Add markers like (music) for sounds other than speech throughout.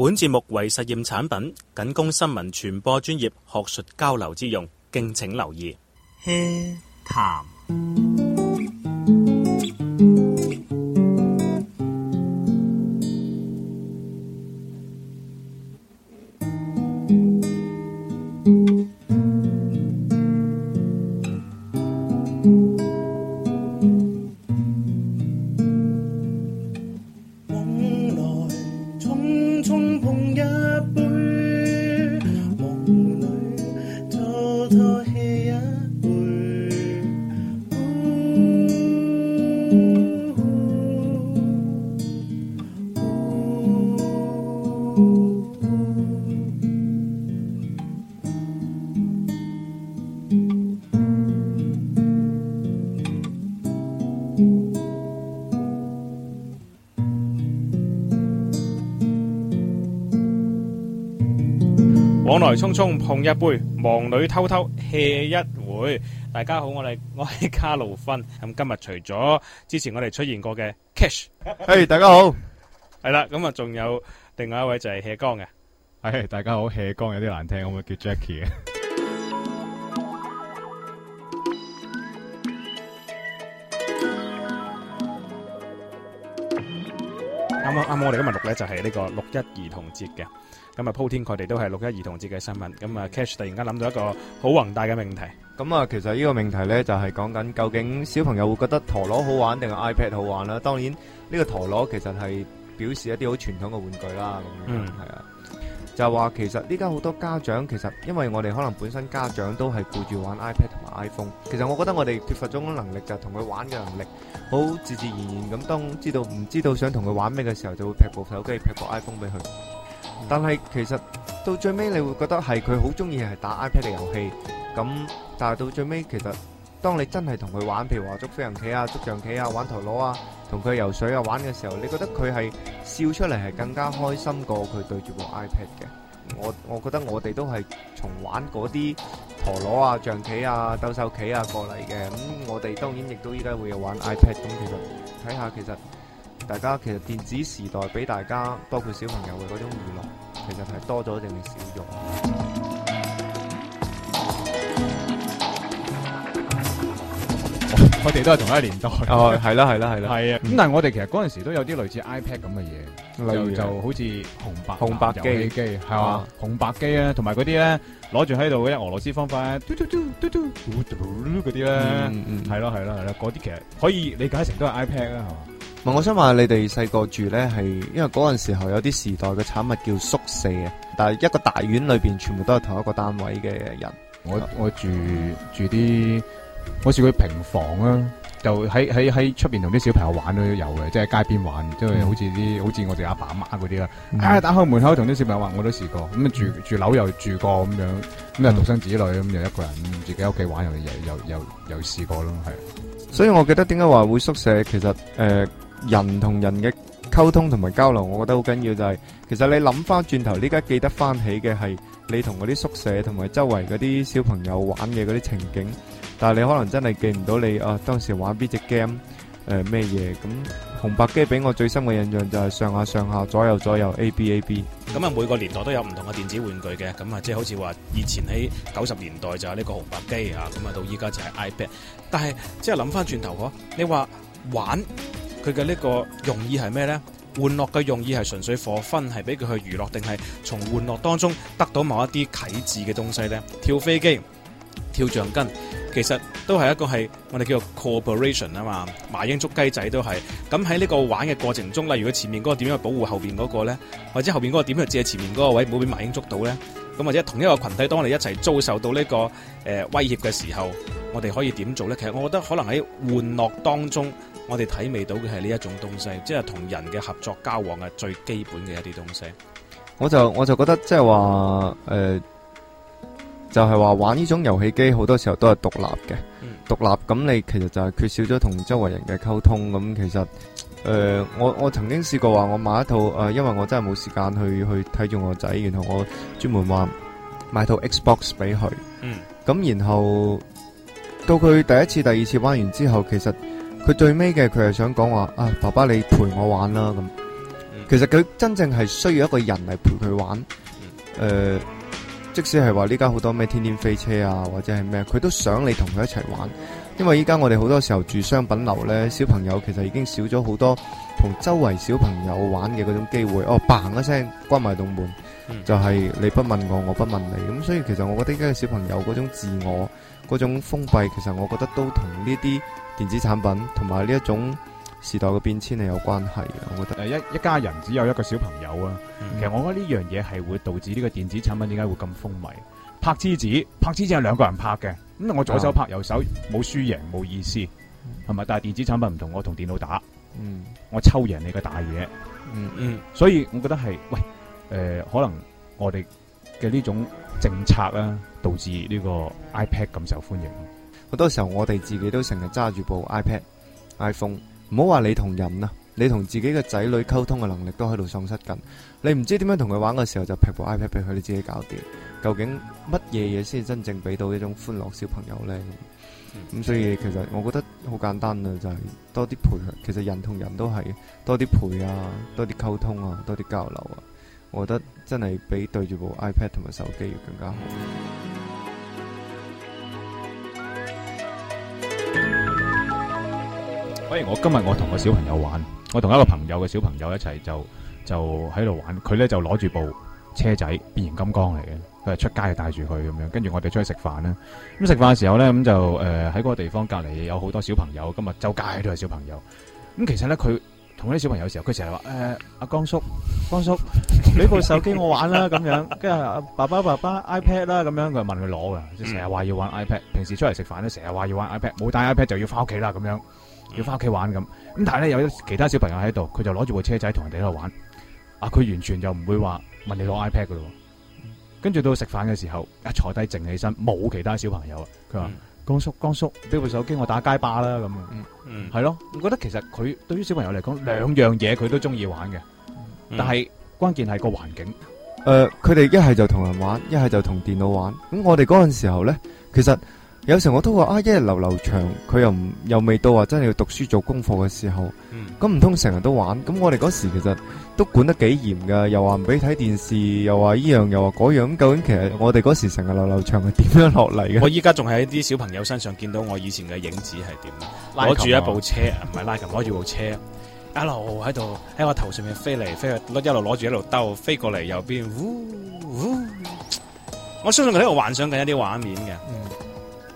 本節目為實驗產品，僅供新聞傳播專業學術交流之用，敬請留意。HEA 談。中碰一杯，忙裏偷偷歇一會。大家好，我哋我係卡路芬。咁今日除咗之前我哋出現過嘅 Cash。誒，大家好。係啦，咁啊仲有另外一位就係謝江嘅。係，大家好，謝江有啲難聽，可唔可以叫 Jackie 嘅。啱啱啱，我哋今日錄咧就係呢個六一兒童節嘅。咁啊，鋪天蓋地都係六一兒童節嘅新聞。咁啊，Cash 突然間諗到一個好宏大嘅命題。咁啊，其實呢個命題呢，就係講緊究竟小朋友會覺得陀螺好玩定係 iPad 好玩啦。當然呢個陀螺其實係表示一啲好傳統嘅玩具啦。嗯，係啊，就話其實而家好多家長其實因為我哋可能本身家長都係顧住玩 iPad 同埋 iPhone。其實我覺得我哋缺乏種能力就同佢玩嘅能力，好自自然然咁當知道唔知道想同佢玩咩嘅時候，就會劈部手機劈部 iPhone 俾佢。但係其實到最尾你會覺得係佢好中意係打 iPad 嘅遊戲咁，但係到最尾其實當你真係同佢玩，譬如話捉飛行棋啊、捉象棋啊、玩陀螺啊，同佢游水啊玩嘅時候，你覺得佢係笑出嚟係更加開心過佢對住部 iPad 嘅。我我覺得我哋都係從玩嗰啲陀螺啊、象棋啊、鬥獸棋啊過嚟嘅，咁我哋當然亦都依家會有玩 iPad，咁其實睇下其實。大家其實電子時代俾大家，包括小朋友嘅嗰種娛樂，其實係多咗定係少咗？我哋都係同一年代，哦，係啦，係啦，係啦，係啊、嗯！咁但係我哋其實嗰陣時都有啲類似 iPad 咁嘅嘢，似就就好似紅白紅白機機，係嘛吧？紅白機咧、啊，同埋嗰啲咧，攞住喺度嘅俄羅斯方塊，嘟嘟嘟嘟嘟嘟嘟嗰啲咧，係咯係咯係咯，嗰、嗯、啲其實可以理解成都係 iPad 啦，係嘛？唔，我想話你哋細個住咧係，因為嗰陣時候有啲時代嘅產物叫宿舍啊，但係一個大院裏邊全部都係同一個單位嘅人。我我住住啲。我試過平房啦，就喺喺喺出邊同啲小朋友玩都有嘅，即、就、係、是、街邊玩，即係好似啲、嗯、好似我哋阿爸阿媽嗰啲啦。嗯、啊，打開門口同啲小朋友玩，我都試過。咁啊住住樓又住過咁樣，咁啊獨生子女咁又、嗯、一個人，自己屋企玩又又又又又試過咯，係。所以我記得點解話會宿舍，其實誒、呃、人同人嘅溝通同埋交流，我覺得好緊要。就係、是、其實你諗翻轉頭，呢家記得翻起嘅係你同嗰啲宿舍同埋周圍嗰啲小朋友玩嘅嗰啲情景。但係你可能真係記唔到你啊，當時玩邊隻 game 誒咩嘢？咁、呃、紅白機俾我最深嘅印象就係上下上下，左右左右，A B A B。咁啊，每個年代都有唔同嘅電子玩具嘅。咁啊，即係好似話以前喺九十年代就係呢個紅白機啊，咁啊到依家就係 iPad。但係即係諗翻轉頭，你話玩佢嘅呢個用意係咩咧？玩樂嘅用意係純粹 for fun 係俾佢去娛樂，定係從玩樂當中得到某一啲啟智嘅東西咧？跳飛機、跳橡筋。其實都係一個係我哋叫做 cooperation 啊嘛，麻鷹捉雞仔都係咁，喺呢個玩嘅過程中，例如佢前面嗰個點樣去保護後邊嗰個咧，或者後邊嗰個點去借前面嗰個位，唔好俾麻鷹捉到咧，咁或者同一個群體，當我哋一齊遭受到呢、這個誒、呃、威脅嘅時候，我哋可以點做咧？其實我覺得可能喺玩樂當中，我哋體味到嘅係呢一種東西，即係同人嘅合作交往嘅最基本嘅一啲東西。我就我就覺得即係話誒。呃就係話玩呢種遊戲機好多時候都係獨立嘅、嗯，獨立咁你其實就係缺少咗同周圍人嘅溝通咁。其實誒、呃，我我曾經試過話我買一套誒、呃，因為我真係冇時間去去睇住我仔，然後我專門話買套 Xbox 俾佢。咁、嗯、然後到佢第一次、第二次玩完之後，其實佢最尾嘅佢係想講話啊，爸爸你陪我玩啦咁。其實佢真正係需要一個人嚟陪佢玩。誒、呃。即使係話呢家好多咩天天飛車啊，或者係咩，佢都想你同佢一齊玩，因為依家我哋好多時候住商品樓呢，小朋友其實已經少咗好多同周圍小朋友玩嘅嗰種機會。哦，bang 一聲關埋道門，嗯、就係你不問我，我不問你。咁所以其實我覺得依家嘅小朋友嗰種自我，嗰種封閉，其實我覺得都同呢啲電子產品同埋呢一種。時代嘅變遷係有關係嘅，我覺得誒一一家人只有一個小朋友啊，嗯、其實我覺得呢樣嘢係會導致呢個電子產品點解會咁風靡？拍棋子，拍棋子係兩個人拍嘅，咁我左手拍右手冇輸贏冇意思，係咪、嗯？但係電子產品唔同，我同電腦打，嗯，我抽贏你個大嘢。嗯嗯，嗯，所以我覺得係喂誒、呃，可能我哋嘅呢種政策啦、啊，導致呢個 iPad 咁受歡迎。好多時候我哋自己都成日揸住部 iPad、iPhone。唔好話你同人啊，你同自己嘅仔女溝通嘅能力都喺度喪失緊。你唔知點樣同佢玩嘅時候，就劈部 iPad 俾佢，你自己搞掂。究竟乜嘢嘢先真正俾到一種歡樂小朋友呢？咁所以其實我覺得好簡單啊，就係多啲陪佢。其實人同人都係多啲陪啊，多啲溝通啊，多啲交流啊。我覺得真係比對住部 iPad 同埋手機要更加好。反而我今日我同個小朋友玩，我同一個朋友嘅小朋友一齊就就喺度玩，佢咧，就攞住部車仔，變形金剛嚟嘅，佢係出街就帶住佢咁樣，跟住我哋出去食飯啦。咁食飯嘅時候咧，咁就誒喺嗰個地方隔籬有好多小朋友，今日周街都係小朋友。咁其實咧，佢同啲小朋友嘅時候，佢成日話誒阿江叔，江叔，你部手機我玩啦咁樣，跟住阿爸爸爸爸 iPad 啦咁樣，佢問佢攞啊，即成日話要玩 iPad，平時出嚟食飯咧，成日話要玩 iPad，冇帶 iPad 就要翻屋企啦咁樣。要翻屋企玩咁，咁但係咧有其他小朋友喺度，佢就攞住部車仔同人哋喺度玩。啊，佢完全就唔會話問你攞 iPad 噶咯。跟住、嗯、到食飯嘅時候，一坐低靜起身，冇其他小朋友啊。佢話：江、嗯、叔，江叔，俾部手機我打街霸啦咁。嗯嗯，係咯，我覺得其實佢對於小朋友嚟講，兩樣嘢佢都中意玩嘅，嗯、但係關鍵係個環境。誒、嗯，佢哋一係就同人玩，一係就同電腦玩。咁我哋嗰陣時候咧，其實。有時我都話啊，一日流流長，佢又唔又未到話真係要讀書做功課嘅時候，咁唔通成日都玩？咁我哋嗰時其實都管得幾嚴噶，又話唔俾你睇電視，又話依樣又話嗰樣。究竟其實我哋嗰時成日流流長係點樣落嚟嘅？我依家仲喺啲小朋友身上見到我以前嘅影子係點，攞住一部車，唔係拉,、啊、拉琴，攞住部車，一路喺度喺我頭上面飛嚟飛去，一路攞住一路兜，飛過嚟右邊，嗚嗚，我相信佢喺度幻想緊一啲畫面嘅。嗯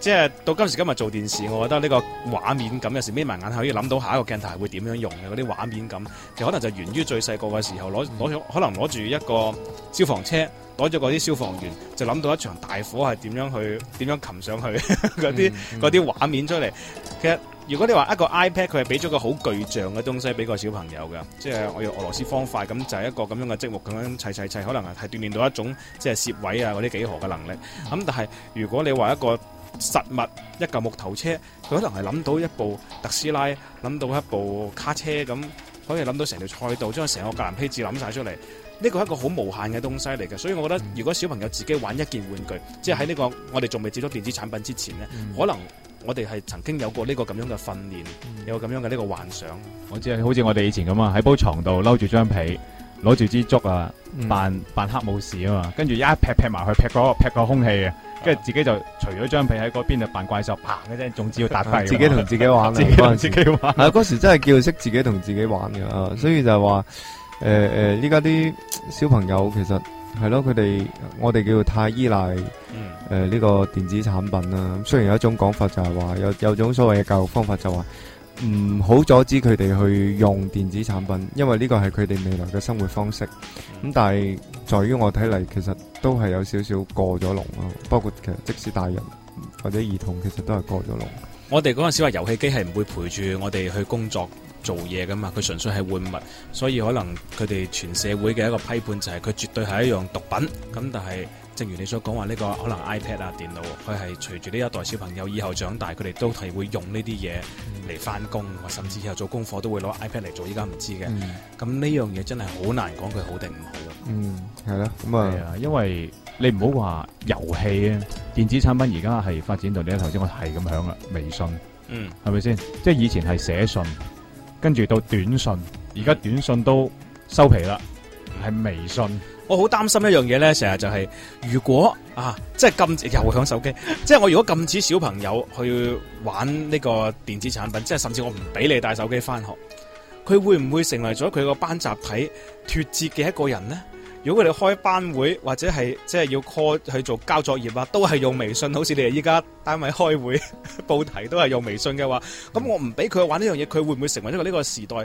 即係到今時今日做電視，我覺得呢個畫面感有時眯埋眼係可以諗到下一個鏡頭係會點樣用嘅，嗰啲畫面感其實可能就源於最細個嘅時候攞攞可能攞住一個消防車，攞咗嗰啲消防員，就諗到一場大火係點樣去點樣擒上去嗰啲嗰啲畫面出嚟。其實如果你話一個 iPad，佢係俾咗個好巨象嘅東西俾個小朋友嘅，即係我用俄羅斯方塊咁就係一個咁樣嘅積木咁樣砌砌砌，可能係係鍛鍊到一種即係攝位啊嗰啲幾何嘅能力。咁、嗯、但係如果你話一個實物一嚿木頭車，佢可能係諗到一部特斯拉，諗到一部卡車咁，可以諗到成條賽道，將成個格蘭披治諗晒出嚟。呢個係一個好無限嘅東西嚟嘅，所以我覺得如果小朋友自己玩一件玩具，即係喺呢個我哋仲未接觸電子產品之前呢，可能我哋係曾經有過呢個咁樣嘅訓練，有咁樣嘅呢個幻想。我知係，好似我哋以前咁啊，喺鋪床度摟住張被，攞住支竹啊，扮扮黑武士啊嘛，跟住一劈劈埋去劈嗰個劈個空氣啊！跟住自己就除咗張被喺嗰邊就扮怪獸，啪嘅啫，總之要打 (laughs) 自己同自己玩， (laughs) 自己同自己玩。 (laughs) 係嗰 (laughs) 時真係叫識自己同自己玩噶， (laughs) 所以就係話，誒、呃、誒，依家啲小朋友其實係咯，佢哋我哋叫做太依賴，誒呢、 (laughs) 呃這個電子產品啦。雖然有一種講法就係話有有種所謂嘅教育方法就話。唔好阻止佢哋去用電子產品，因為呢個係佢哋未來嘅生活方式。咁但係，在於我睇嚟，其實都係有少少過咗龍咯。包括其實即使大人或者兒童，其實都係過咗龍。我哋嗰陣時話遊戲機係唔會陪住我哋去工作做嘢噶嘛，佢純粹係玩物，所以可能佢哋全社會嘅一個批判就係、是、佢絕對係一樣毒品。咁但係。正如你所講話，呢、這個可能 iPad 啊、電腦，佢係隨住呢一代小朋友以後長大，佢哋都係會用呢啲嘢嚟翻工，嗯、甚至以後做功課都會攞 iPad 嚟做。依家唔知嘅，咁呢樣嘢真係好難講佢好定唔好咯。嗯，係咯，咁啊，因為你唔好話遊戲啊，電子產品而家係發展到你啊？頭先我係咁講啦，微信，嗯，係咪先？即係以前係寫信，跟住到短信，而家短信都收皮啦，係微信。我好擔心一樣嘢咧，成日就係、是、如果啊，即係禁止又響手機，即係我如果禁止小朋友去玩呢個電子產品，即係甚至我唔俾你帶手機翻學，佢會唔會成為咗佢個班集體脫節嘅一個人呢？如果佢哋開班會或者係即係要 call 去做交作業啊，都係用微信，好似你哋依家單位開會報題都係用微信嘅話，咁我唔俾佢玩呢樣嘢，佢會唔會成為一個呢個時代？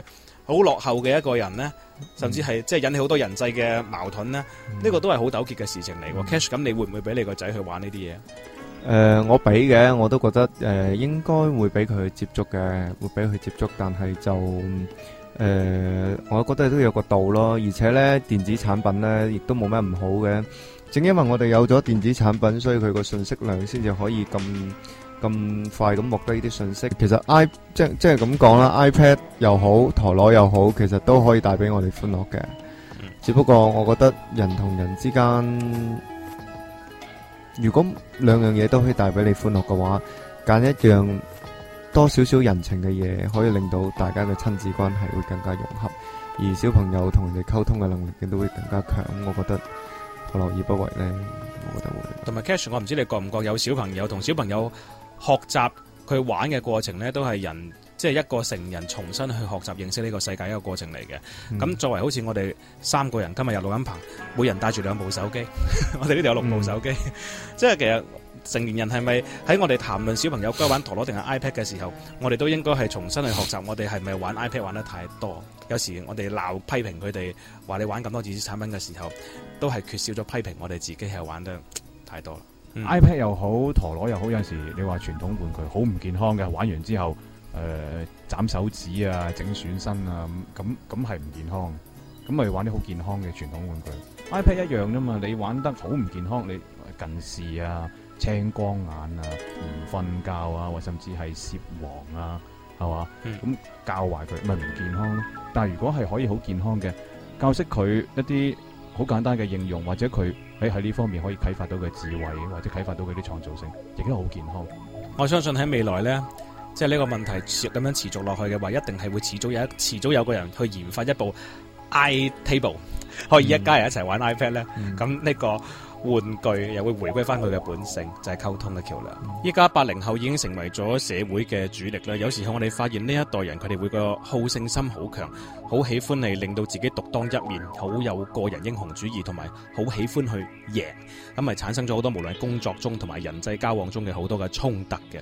好落後嘅一個人呢，甚至係即係引起好多人際嘅矛盾呢，呢、嗯、個都係好糾結嘅事情嚟喎。嗯、Cash，咁你會唔會俾你個仔去玩呢啲嘢？誒、呃，我俾嘅，我都覺得誒、呃、應該會俾佢接觸嘅，會俾佢接觸，但係就誒、呃，我覺得都有個度咯。而且呢，電子產品呢亦都冇咩唔好嘅，正因為我哋有咗電子產品，所以佢個信息量先至可以咁。咁快咁獲到呢啲信息，其實即係即係咁講啦，iPad 又好，陀螺又好，其實都可以帶俾我哋歡樂嘅。嗯、只不過我覺得人同人之間，如果兩樣嘢都可以帶俾你歡樂嘅話，揀一樣多少少人情嘅嘢，可以令到大家嘅親子關係會更加融合，而小朋友同人哋溝通嘅能力亦都會更加強。我覺得何樂而不為呢？我覺得會同埋 Cash，我唔知你覺唔覺有小朋友同小朋友。學習佢玩嘅過程咧，都係人，即係一個成人重新去學習認識呢個世界一個過程嚟嘅。咁、嗯、作為好似我哋三個人，今日有錄音棚，每人帶住兩部手機， (laughs) 我哋呢度有六部手機。嗯、 (laughs) 即係其實成年人係咪喺我哋談論小朋友該玩陀螺定係 iPad 嘅時候，我哋都應該係重新去學習，我哋係咪玩 iPad 玩得太多？有時我哋鬧批評佢哋，話你玩咁多電子產品嘅時候，都係缺少咗批評我哋自己係玩得太多啦。iPad 又好，陀螺又好，有陣時你話傳統玩具好唔健康嘅，玩完之後誒斬、呃、手指啊，整損身啊，咁咁係唔健康，咁咪玩啲好健康嘅傳統玩具。iPad 一樣啫嘛，你玩得好唔健康，你近視啊、青光眼啊、唔瞓覺啊，或甚至係涉黃啊，係嘛，咁、嗯、教壞佢咪唔健康咯。但係如果係可以好健康嘅，教識佢一啲。好簡單嘅應用，或者佢喺喺呢方面可以啟發到佢智慧，或者啟發到佢啲創造性，亦都好健康。我相信喺未來呢，即係呢個問題咁樣持續落去嘅話，一定係會遲早有，遲早有個人去研發一部 i-table 可以一家人一齊玩 iPad 呢。咁呢、嗯呢個。嗯玩具又會回歸翻佢嘅本性，就係溝通嘅橋梁。依家八零後已經成為咗社會嘅主力啦。有時候我哋發現呢一代人佢哋會個好勝心好強，好喜歡嚟令到自己獨當一面，好有個人英雄主義，同埋好喜歡去贏，咁咪產生咗好多無論工作中同埋人際交往中嘅好多嘅衝突嘅。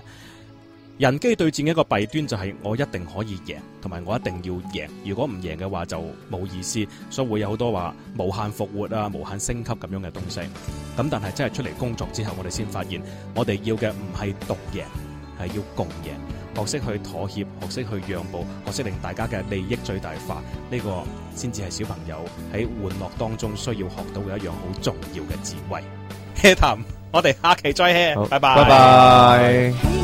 人機對戰一個弊端就係我一定可以贏，同埋我一定要贏。如果唔贏嘅話就冇意思，所以會有好多話無限復活啊、無限升級咁樣嘅東西。咁但係真係出嚟工作之後，我哋先發現我哋要嘅唔係毒贏，係要共贏。學識去妥協，學識去讓步，學識令大家嘅利益最大化，呢、這個先至係小朋友喺玩樂當中需要學到嘅一樣好重要嘅智慧。h e r 談，我哋下期再 h 拜拜拜拜。拜拜拜拜